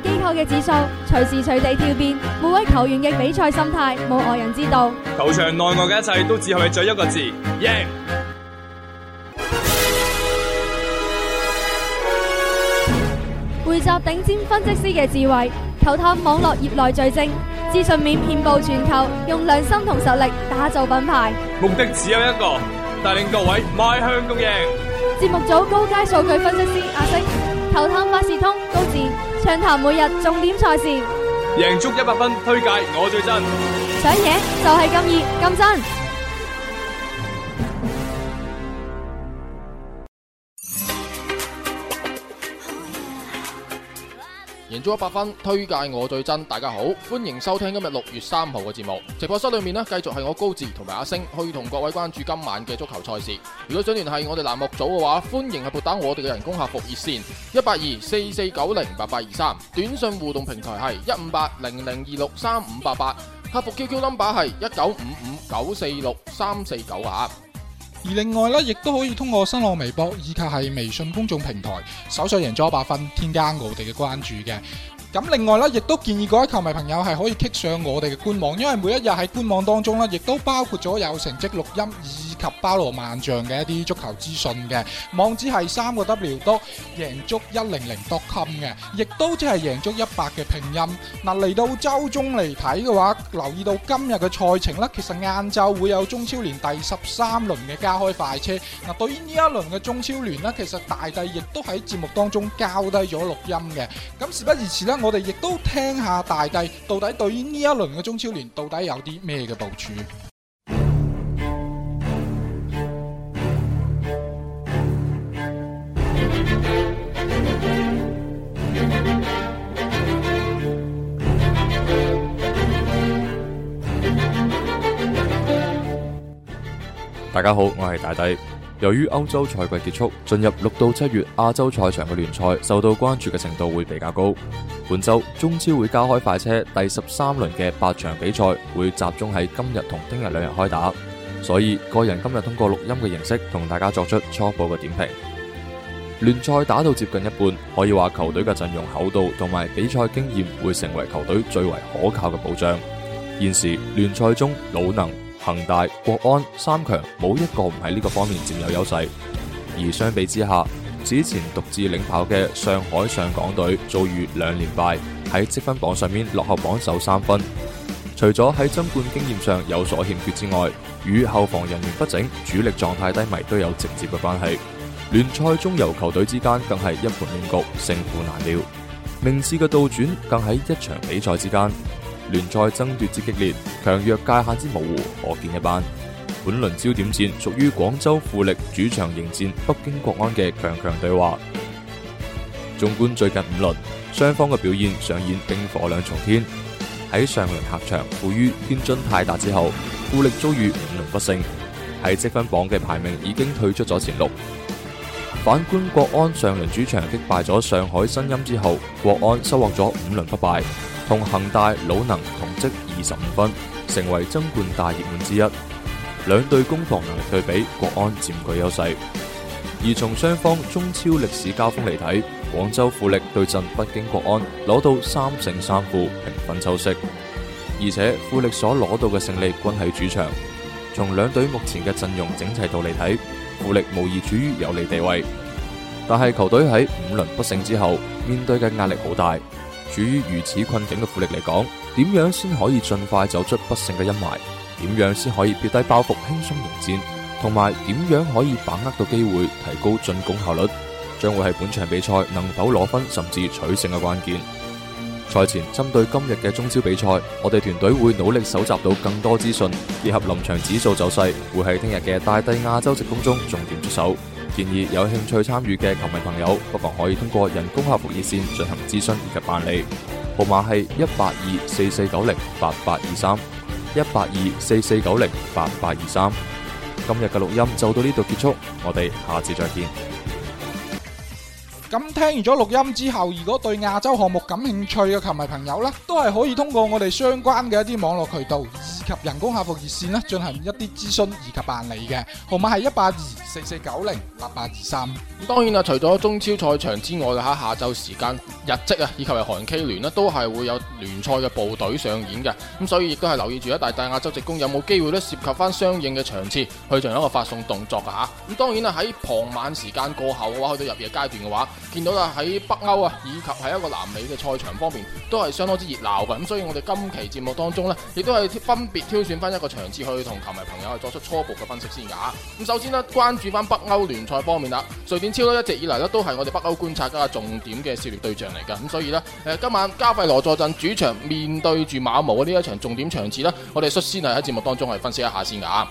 機構嘅指數隨時隨地跳變，每位球員嘅比賽心態冇外人知道。球場內外嘅一切都只係為咗一個字：贏。匯集頂尖分析師嘅智慧，球探網絡業內最精，資訊面遍布全球，用良心同實力打造品牌。目的只有一個，帶領各位邁向共贏。節目組高階數據分析師阿星，球探萬事通。暢談每日重點賽事，贏足一百分，推介我最真，想贏就係咁熱咁真。咗一百分，推介我最真。大家好，歡迎收聽今日六月三號嘅節目。直播室裏面呢，繼續係我高志同埋阿星去同各位關注今晚嘅足球賽事。如果想聯繫我哋欄目組嘅話，歡迎係撥打我哋嘅人工客服熱線一八二四四九零八八二三，短信互動平台係一五八零零二六三五八八，客服 QQ number 係一九五五九四六三四九啊。而另外咧，亦都可以通過新浪微博以及係微信公眾平台搜索贏足 100FUN，添加我哋嘅關注嘅。咁另外咧，亦都建議各位球迷朋友係可以 click 上我哋嘅官網，因為每一日喺官網當中咧，亦都包括咗有成績錄音以及包羅萬象嘅一啲足球資訊嘅網址係三個 W 多贏足一零零多 com 嘅，亦都即係贏足一百嘅拼音。嗱，嚟到週中嚟睇嘅話，留意到今日嘅賽程咧，其實晏晝會有中超聯第十三輪嘅加開快車。嗱，對於呢一輪嘅中超聯咧，其實大帝亦都喺節目當中交低咗錄音嘅。咁事不宜遲咧。我哋亦都聽下大帝到底對於呢一輪嘅中超聯到底有啲咩嘅部署？大家好，我係大帝。由於歐洲賽季結束，進入六到七月，亞洲賽場嘅聯賽受到關注嘅程度會比較高。本周中超會加開快車，第十三輪嘅八場比賽會集中喺今日同聽日兩日開打，所以個人今日通過錄音嘅形式同大家作出初步嘅點評。聯賽打到接近一半，可以話球隊嘅陣容厚度同埋比賽經驗會成為球隊最為可靠嘅保障。現時聯賽中魯能、恒大、國安三強冇一個唔喺呢個方面佔有優勢，而相比之下，此前獨自領跑嘅上海上港隊遭遇兩連敗，喺積分榜上面落後榜首三分。除咗喺爭冠經驗上有所欠缺之外，與後防人員不整、主力狀態低迷都有直接嘅關係。聯賽中游球隊之間更係一盤亂局，勝負難料。名次嘅倒轉更喺一場比賽之間。聯賽爭奪之激烈，強弱界限之模糊，可見一斑。本輪焦點戰屬於廣州富力主場迎戰北京國安嘅強強對話。縱觀最近五輪，雙方嘅表現上演冰火兩重天。喺上輪客場負於天津泰達之後，富力遭遇五輪不勝，喺積分榜嘅排名已經退出咗前六。反觀國安上輪主場擊敗咗上海申鑫之後，國安收穫咗五輪不敗。同恒大魯能同積二十五分，成為爭冠大熱門之一。兩隊攻防能力對比，國安佔據優勢。而從雙方中超歷史交鋒嚟睇，廣州富力對陣北京國安攞到三勝三負，平分秋色。而且富力所攞到嘅勝利均喺主場。從兩隊目前嘅陣容整齊度嚟睇，富力無疑處於有利地位。但係球隊喺五輪不勝之後，面對嘅壓力好大。處於如此困境嘅富力嚟講，點樣先可以盡快走出不勝嘅陰霾？點樣先可以撇低包袱輕鬆迎戰？同埋點樣可以把握到機會提高進攻效率？將會係本場比賽能否攞分甚至取勝嘅關鍵。賽前針對今日嘅中超比賽，我哋團隊會努力搜集到更多資訊，結合臨場指數走勢，會喺聽日嘅大帝亞洲直攻中重點出手。建議有興趣參與嘅球迷朋友，不妨可以通過人工客服熱線進行諮詢以及辦理，號碼係一八二四四九零八八二三一八二四四九零八八二三。今日嘅錄音就到呢度結束，我哋下次再見。咁聽完咗錄音之後，如果對亞洲項目感興趣嘅球迷朋友呢都係可以通過我哋相關嘅一啲網絡渠道以及人工客服熱線呢進行一啲咨詢以及辦理嘅。號碼係一八二四四九零八八二三。當然啦，除咗中超賽場之外，吓下晝時間日職啊，以及係韓 K 聯呢都係會有聯賽嘅部隊上演嘅。咁所以亦都係留意住一大係亞洲職工有冇機會咧，涉及翻相應嘅場次去進行一個發送動作嘅吓。咁當然啦，喺傍晚時間過後嘅話，去到入夜階段嘅話。見到啦，喺北歐啊，以及喺一個南美嘅賽場方面，都係相當之熱鬧嘅。咁所以我哋今期節目當中呢，亦都係分別挑選翻一個場次去同球迷朋友去作出初步嘅分析先噶。咁首先呢，關注翻北歐聯賽方面啦。瑞典超呢，一直以嚟，呢都係我哋北歐觀察嘅重點嘅涉獵對象嚟嘅。咁所以呢，誒今晚加費羅坐鎮主場面對住馬毛嘅呢一場重點場次呢，我哋率先係喺節目當中係分析一下先噶。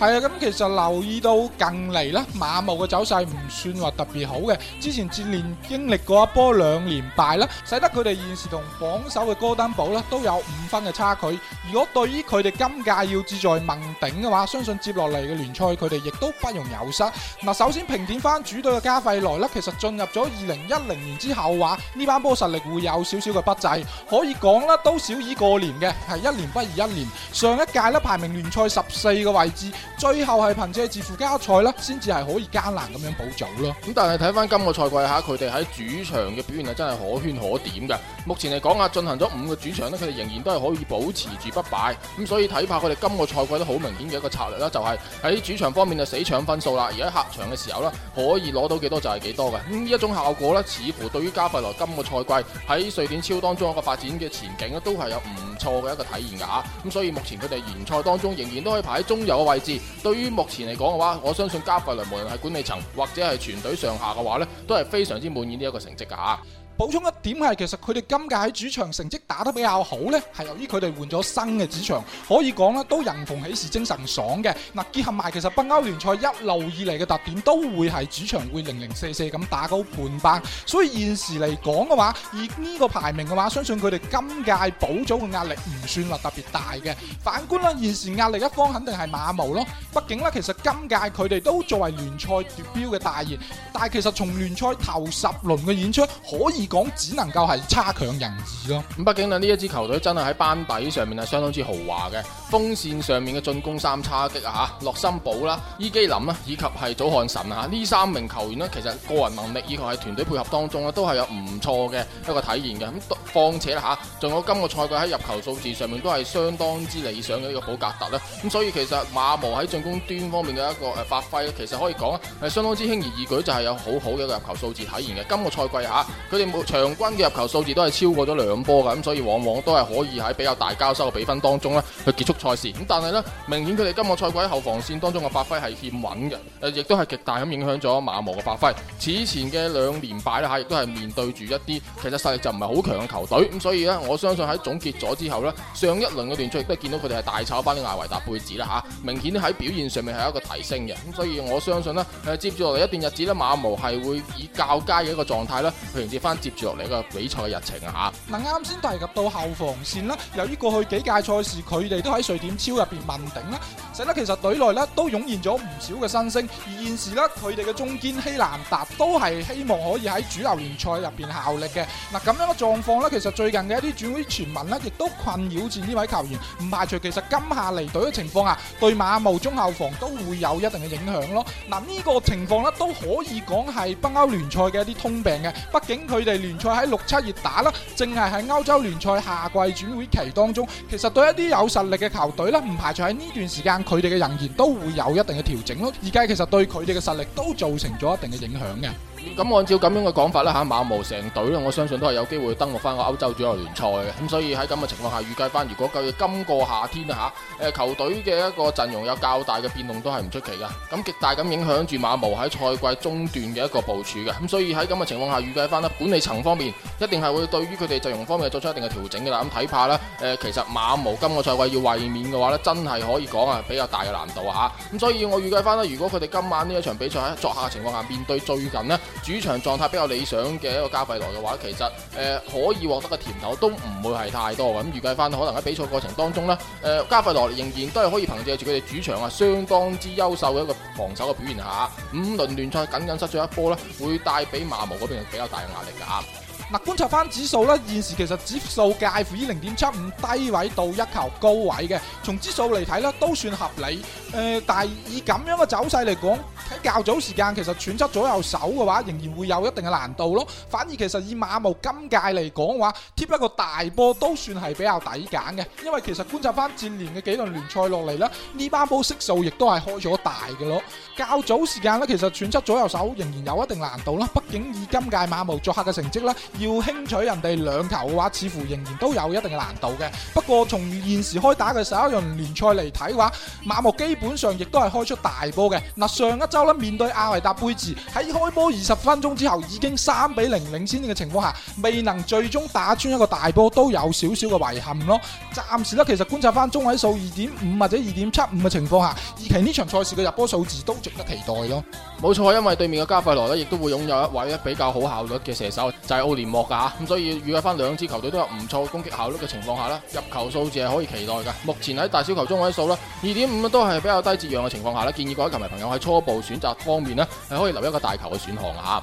係啊，咁其實留意到近嚟啦，馬務嘅走勢唔算話特別好嘅。之前接連經歷過一波兩連敗啦，使得佢哋現時同榜首嘅哥登堡啦都有五分嘅差距。如果對於佢哋今屆要志在問鼎嘅話，相信接落嚟嘅聯賽佢哋亦都不容有失。嗱，首先評點翻主隊嘅加費萊啦，其實進入咗二零一零年之後話，呢班波實力會有少少嘅不濟，可以講啦都少以過年嘅係一年不如一年。上一屆呢，排名聯賽十四個位置。最後係憑借自負加賽咧，先至係可以艱難咁樣保組咯。咁但係睇翻今個賽季吓，佢哋喺主場嘅表現係，真係可圈可點嘅。目前嚟講啊，進行咗五個主場咧，佢哋仍然都係可以保持住不敗。咁所以睇怕佢哋今個賽季都好明顯嘅一個策略啦，就係、是、喺主場方面就死搶分數啦。而喺客場嘅時候咧，可以攞到幾多就係幾多嘅。咁呢一種效果咧，似乎對於加費羅今個賽季喺瑞典超當中一個發展嘅前景咧，都係有唔錯嘅一個體現嘅吓。咁所以目前佢哋聯賽當中仍然都可以排喺中游嘅位置。對於目前嚟講嘅話，我相信加佛雷無論係管理層或者係全隊上下嘅話呢，都係非常之滿意呢一個成績㗎吓。補充一點係，其實佢哋今屆喺主場成績打得比較好呢係由於佢哋換咗新嘅主場，可以講啦都人逢喜事精神爽嘅。嗱，結合埋其實北歐聯賽一路以嚟嘅特點，都會係主場會零零四四咁打高盤棒，所以現時嚟講嘅話，以呢個排名嘅話，相信佢哋今屆保組嘅壓力唔算話特別大嘅。反觀啦，現時壓力一方肯定係馬毛咯，畢竟呢，其實今屆佢哋都作為聯賽奪標嘅大熱，但係其實從聯賽頭十輪嘅演出可以講只能夠係差強人意咯。咁畢竟呢一支球隊真係喺班底上面係相當之豪華嘅，鋒線上面嘅進攻三叉戟啊，洛森堡啦、伊基林啊，以及係祖漢臣啊，呢三名球員呢，其實個人能力以及係團隊配合當中咧，都係有唔錯嘅一個體現嘅。咁況且吓，仲、啊、有今個賽季喺入球數字上面都係相當之理想嘅一個保格特咧。咁、啊、所以其實馬毛喺進攻端方面嘅一個誒發揮，其實可以講係、啊、相當之輕而易舉，就係、是、有很好好嘅一個入球數字體現嘅。今、這個賽季吓，佢、啊、哋場均嘅入球數字都係超過咗兩波嘅，咁所以往往都係可以喺比較大交收嘅比分當中呢去結束賽事。咁但係呢，明顯佢哋今個賽季喺後防線當中嘅發揮係欠穩嘅，亦都係極大咁影響咗馬毛嘅發揮。此前嘅兩連敗啦吓，亦都係面對住一啲其實實力就唔係好強嘅球隊。咁所以呢，我相信喺總結咗之後呢，上一輪嘅聯賽亦都見到佢哋係大炒翻啲艾維達配子啦吓，啊，明顯咧喺表現上面係一個提升嘅。咁所以我相信呢，啊、接住落嚟一段日子呢，馬毛係會以較佳嘅一個狀態呢，去迎接翻。接住落嚟個比賽日程啊，吓嗱啱先提及到後防線咧，由於過去幾屆賽事佢哋都喺瑞典超入邊問鼎咧，使得其實隊內咧都湧現咗唔少嘅新星，而現時咧佢哋嘅中堅希蘭達都係希望可以喺主流聯賽入邊效力嘅，嗱咁樣嘅狀況咧，其實最近嘅一啲轉會傳聞咧，亦都困擾住呢位球員，唔排除其實今夏嚟隊嘅情況下，對馬務中後防都會有一定嘅影響咯，嗱呢個情況咧都可以講係北歐聯賽嘅一啲通病嘅，畢竟佢。嚟聯賽喺六七月打啦，淨係喺歐洲聯賽夏季轉會期當中，其實對一啲有實力嘅球隊啦，唔排除，喺呢段時間佢哋嘅人員都會有一定嘅調整咯，而家其實對佢哋嘅實力都造成咗一定嘅影響嘅。咁按照咁樣嘅講法呢，吓馬毛成隊咧，我相信都係有機會登陸翻個歐洲主流聯賽嘅。咁所以喺咁嘅情況下，預計翻如果佢今個夏天啊，誒球隊嘅一個陣容有較大嘅變動都係唔出奇嘅。咁極大咁影響住馬毛喺賽季中段嘅一個部署嘅。咁所以喺咁嘅情況下，預計翻咧管理層方面一定係會對於佢哋陣容方面做出一定嘅調整嘅啦。咁睇怕，呢，誒其實馬毛今個賽季要衛冕嘅話呢，真係可以講啊，比較大嘅難度啊。咁所以我預計翻咧，如果佢哋今晚呢一場比賽喺作下嘅情況下面對最近呢，主場狀態比較理想嘅一個加費羅嘅話，其實誒、呃、可以獲得嘅甜頭都唔會係太多嘅咁、嗯、預計翻可能喺比賽過程當中呢誒、呃、加費羅仍然都係可以憑藉住佢哋主場啊相當之優秀嘅一個防守嘅表現下，五、嗯、輪聯賽僅僅失咗一波呢會帶俾馬毛嗰邊比較大嘅壓力㗎。嗯嗱，觀察翻指數咧，現時其實指數介乎於零點七五低位到一球高位嘅，從指數嚟睇咧都算合理。誒，但係以咁樣嘅走勢嚟講，喺較早時間其實揣測左右手嘅話，仍然會有一定嘅難度咯。反而其實以馬毛今屆嚟講嘅話，貼一個大波都算係比較抵揀嘅，因為其實觀察翻戰聯嘅幾輪聯賽落嚟咧，呢班波色數亦都係開咗大嘅咯。較早時間咧，其實揣測左右手仍然有一定難度啦，畢竟以今屆馬毛作客嘅成績咧。要輕取人哋兩球嘅話，似乎仍然都有一定嘅難度嘅。不過從現時開打嘅十一輪聯賽嚟睇嘅話，馬木基本上亦都係開出大波嘅。嗱，上一周啦，面對阿維達杯治喺開波二十分鐘之後，已經三比零領先嘅情況下，未能最終打穿一個大波，都有少少嘅遺憾咯。暫時呢，其實觀察翻中位數二點五或者二點七五嘅情況下，預期呢場賽事嘅入波數字都值得期待咯。冇錯，因為對面嘅加費羅呢，亦都會擁有一位比較好效率嘅射手，就係奧尼莫所以預約翻兩支球隊都有唔錯攻擊效率嘅情況下啦，入球數字係可以期待嘅。目前喺大小球中位數啦，二點五都係比較低置樣嘅情況下啦，建議各位球迷朋友喺初步選擇方面呢係可以留一個大球嘅選項啊。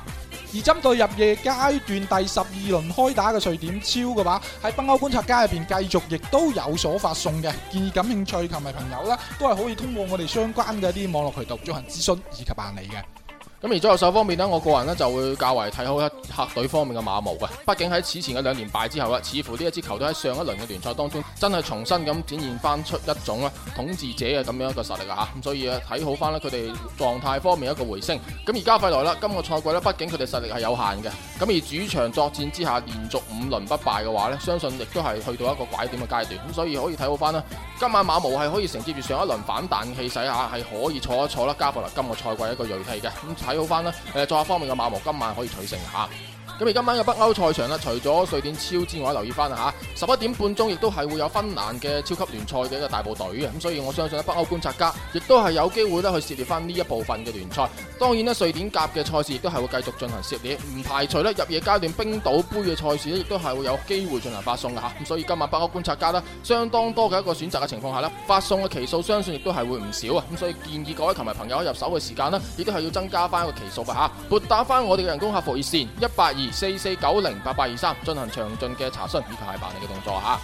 而針對入夜階段第十二輪開打嘅瑞典超嘅話，喺北歐觀察家入邊繼續亦都有所發送嘅，建議感興趣球迷朋友呢都係可以通過我哋相關嘅啲網絡渠道進行諮詢以及辦理嘅。咁而左右手方面呢，我個人呢就會較為睇好咧客隊方面嘅馬毛嘅。畢竟喺此前嘅兩連敗之後，似乎呢一支球隊喺上一輪嘅聯賽當中真係重新咁展現翻出一種咧統治者嘅咁樣一個實力啊吓。咁所以睇好翻啦，佢哋狀態方面一個回升。咁而加布來啦，今個賽季呢，畢竟佢哋實力係有限嘅。咁而主場作戰之下，連續五輪不敗嘅話呢，相信亦都係去到一個拐點嘅階段。咁所以可以睇好翻啦，今晚馬毛係可以承接住上一輪反彈嘅氣勢吓，係可以坐一坐咧加布來今個賽季一個銳氣嘅。睇好翻啦！誒，在下方面嘅馬毛今晚可以取勝吓。咁而今晚嘅北歐賽場啦，除咗瑞典超之外，留意翻吓，十一點半鐘亦都係會有芬蘭嘅超級聯賽嘅一個大部隊，咁所以我相信北歐觀察家亦都係有機會咧去涉獵翻呢一部分嘅聯賽。當然咧，瑞典甲嘅賽事亦都係會繼續進行涉獵，唔排除呢，入夜階段冰島杯嘅賽事亦都係會有機會進行發送嘅吓。咁所以今晚北歐觀察家呢，相當多嘅一個選擇嘅情況下咧，發送嘅期數相信亦都係會唔少啊。咁所以建議各位球迷朋友入手嘅時間呢，亦都係要增加翻個期數嘅吓。撥打翻我哋嘅人工客服熱線一八二。四四九零八八二三，進行詳盡嘅查詢，以及係辦理嘅動作吓。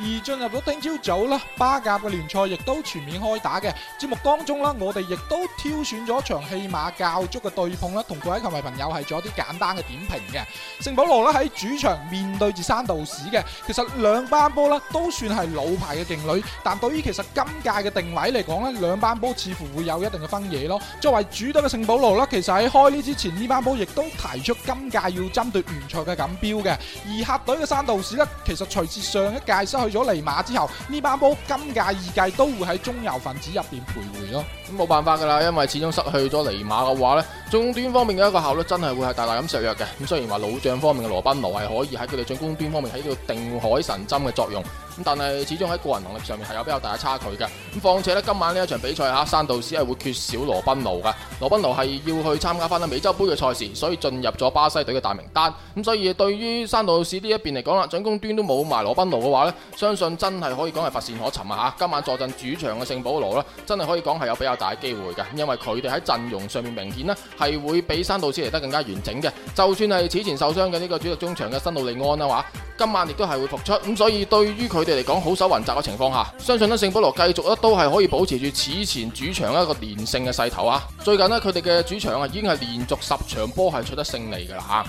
而進入到聽朝早啦，巴甲嘅聯賽亦都全面開打嘅節目當中啦，我哋亦都挑選咗一場戲碼較足嘅對碰啦，同各位球迷朋友係做一啲簡單嘅點評嘅。聖保羅啦喺主場面對住山道士嘅，其實兩班波啦都算係老牌嘅勁旅，但對於其實今屆嘅定位嚟講咧，兩班波似乎會有一定嘅分野咯。作為主隊嘅聖保羅啦，其實喺開呢之前呢班波亦都提出今屆要針對聯賽嘅錦標嘅，而客隊嘅山道士咧，其實隨住上一屆失去咗尼馬之後，呢班波今屆，二屆都會喺中游分子入邊徘徊咯。咁冇辦法噶啦，因為始終失去咗尼馬嘅話呢，中端方面嘅一個效率真係會係大大咁削弱嘅。咁雖然話老將方面嘅羅賓奴係可以喺佢哋進攻端方面起到定海神針嘅作用。但係始終喺個人能力上面係有比較大嘅差距嘅。咁況且呢，今晚呢一場比賽吓，山度士係會缺少羅賓奴噶。羅賓奴係要去參加翻呢美洲杯嘅賽事，所以進入咗巴西隊嘅大名單。咁所以對於山度士呢一邊嚟講啦，進攻端都冇埋羅賓奴嘅話呢，相信真係可以講係乏善可陳啊！吓，今晚坐鎮主場嘅聖保羅啦，真係可以講係有比較大嘅機會嘅。因為佢哋喺陣容上面明顯呢係會比山度士嚟得更加完整嘅。就算係此前受傷嘅呢個主力中場嘅辛路利安啊，話，今晚亦都係會復出。咁所以對於佢。嚟講好手雲集嘅情況下，相信咧聖保羅繼續咧都係可以保持住此前主場一個連勝嘅勢頭啊！最近咧佢哋嘅主場啊已經係連續十場波係取得勝利噶啦吓。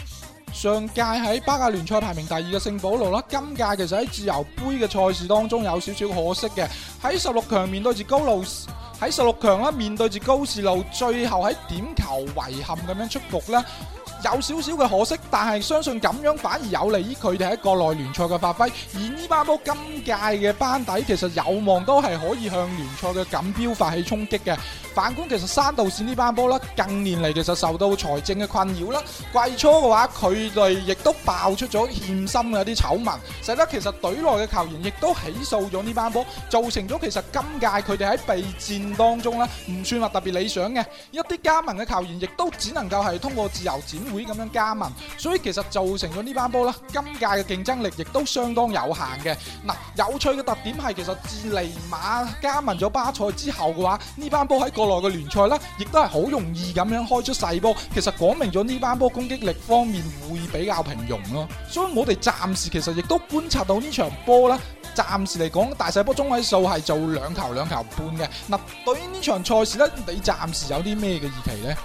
上屆喺巴亞聯賽排名第二嘅聖保羅啦，今屆其實喺自由盃嘅賽事當中有少少可惜嘅，喺十六強面對住高露喺十六強啦，面對住高士路，最後喺點球遺憾咁樣出局呢，有少少嘅可惜，但係相信咁樣反而有利於佢哋喺國內聯賽嘅發揮。而呢班波今屆嘅班底，其實有望都係可以向聯賽嘅錦標發起衝擊嘅。反觀其實山度士呢班波啦，近年嚟其實受到財政嘅困擾啦，季初嘅話佢哋亦都爆出咗欠薪嘅一啲醜聞，使得其實隊內嘅球員亦都起訴咗呢班波，造成咗其實今屆佢哋喺備戰當中啦，唔算話特別理想嘅。一啲加盟嘅球員亦都只能夠係通過自由展。會咁樣加盟，所以其實造成咗呢班波咧，今屆嘅競爭力亦都相當有限嘅。嗱、啊，有趣嘅特點係，其實智利馬加盟咗巴塞之後嘅話，呢班波喺國內嘅聯賽呢，亦都係好容易咁樣開出細波。其實講明咗呢班波攻擊力方面會比較平庸咯、啊。所以我哋暫時其實亦都觀察到呢場波呢，暫時嚟講，大細波中位數係做兩球兩球半嘅。嗱、啊，對於呢場賽事呢，你暫時有啲咩嘅預期呢？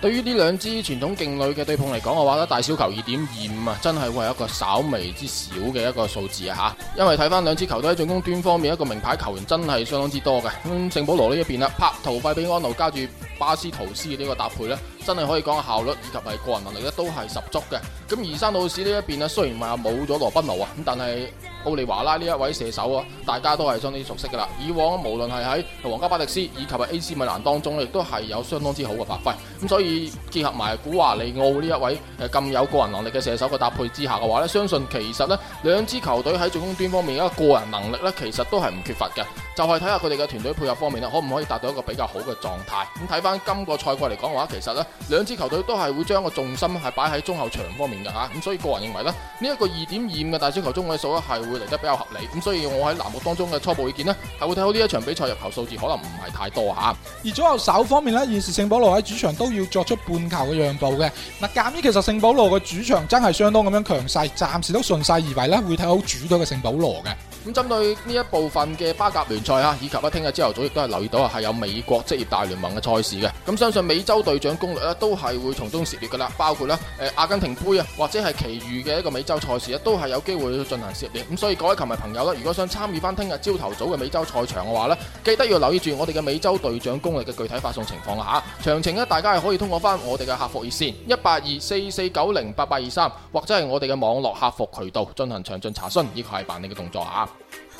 對於呢兩支傳統勁旅嘅對碰嚟講嘅話咧，我大小球二點二五啊，真係會係一個稍微之少嘅一個數字啊吓，因為睇翻兩支球隊進攻端方面一個名牌球員真係相當之多嘅，咁、嗯、聖保羅呢一邊啦，拍頭費比安奴加住巴斯圖斯嘅呢個搭配咧。真係可以講效率以及係個人能力咧都係十足嘅。咁而山老師呢一邊呢雖然話冇咗羅賓奴啊，咁但係奧利華拉呢一位射手啊，大家都係相當熟悉噶啦。以往無論係喺皇家巴迪斯以及係 AC 米蘭當中，亦都係有相當之好嘅發揮。咁所以結合埋古華利奧呢一位咁有個人能力嘅射手嘅搭配之下嘅話呢，相信其實呢，兩支球隊喺進攻端方面嘅個人能力呢其實都係唔缺乏嘅。就係睇下佢哋嘅團隊配合方面啦，可唔可以達到一個比較好嘅狀態？咁睇翻今個賽季嚟講嘅話，其實咧兩支球隊都係會將個重心係擺喺中後場方面嘅吓。咁所以個人認為呢，呢一個二點二五嘅大小球中位數咧係會嚟得比較合理。咁所以我喺欄目當中嘅初步意見呢，係會睇好呢一場比賽入球數字可能唔係太多吓。而左右手方面呢，現時聖保羅喺主場都要作出半球嘅讓步嘅。嗱，鑒於其實聖保羅嘅主場真係相當咁樣強勢，暫時都順勢而為啦，會睇好主隊嘅聖保羅嘅。咁針對呢一部分嘅巴甲聯賽哈，以及咧聽日朝頭早亦都係留意到啊，係有美國職業大聯盟嘅賽事嘅。咁相信美洲隊長攻略咧都係會從中涉獵噶啦，包括咧誒阿根廷杯啊，或者係其餘嘅一個美洲賽事啊，都係有機會進行涉獵。咁所以各位球迷朋友咧，如果想參與翻聽日朝頭早嘅美洲賽場嘅話咧，記得要留意住我哋嘅美洲隊長攻略嘅具體發送情況啦吓。詳情咧大家係可以通過翻我哋嘅客服熱線一八二四四九零八八二三，23, 或者係我哋嘅網絡客服渠道進行詳盡查詢，呢個係辦理嘅動作啊。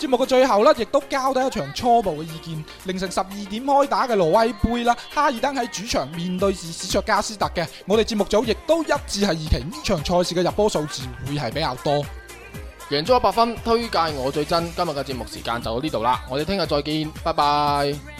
節目嘅最後呢，亦都交底一場初步嘅意見。凌晨十二點開打嘅挪威杯啦，哈爾登喺主場面對住史卓加斯特嘅，我哋節目組亦都一致係預期呢場賽事嘅入波數字會係比較多，贏足 100FUN。推介我最真，今日嘅節目時間就到呢度啦，我哋聽日再見，拜拜。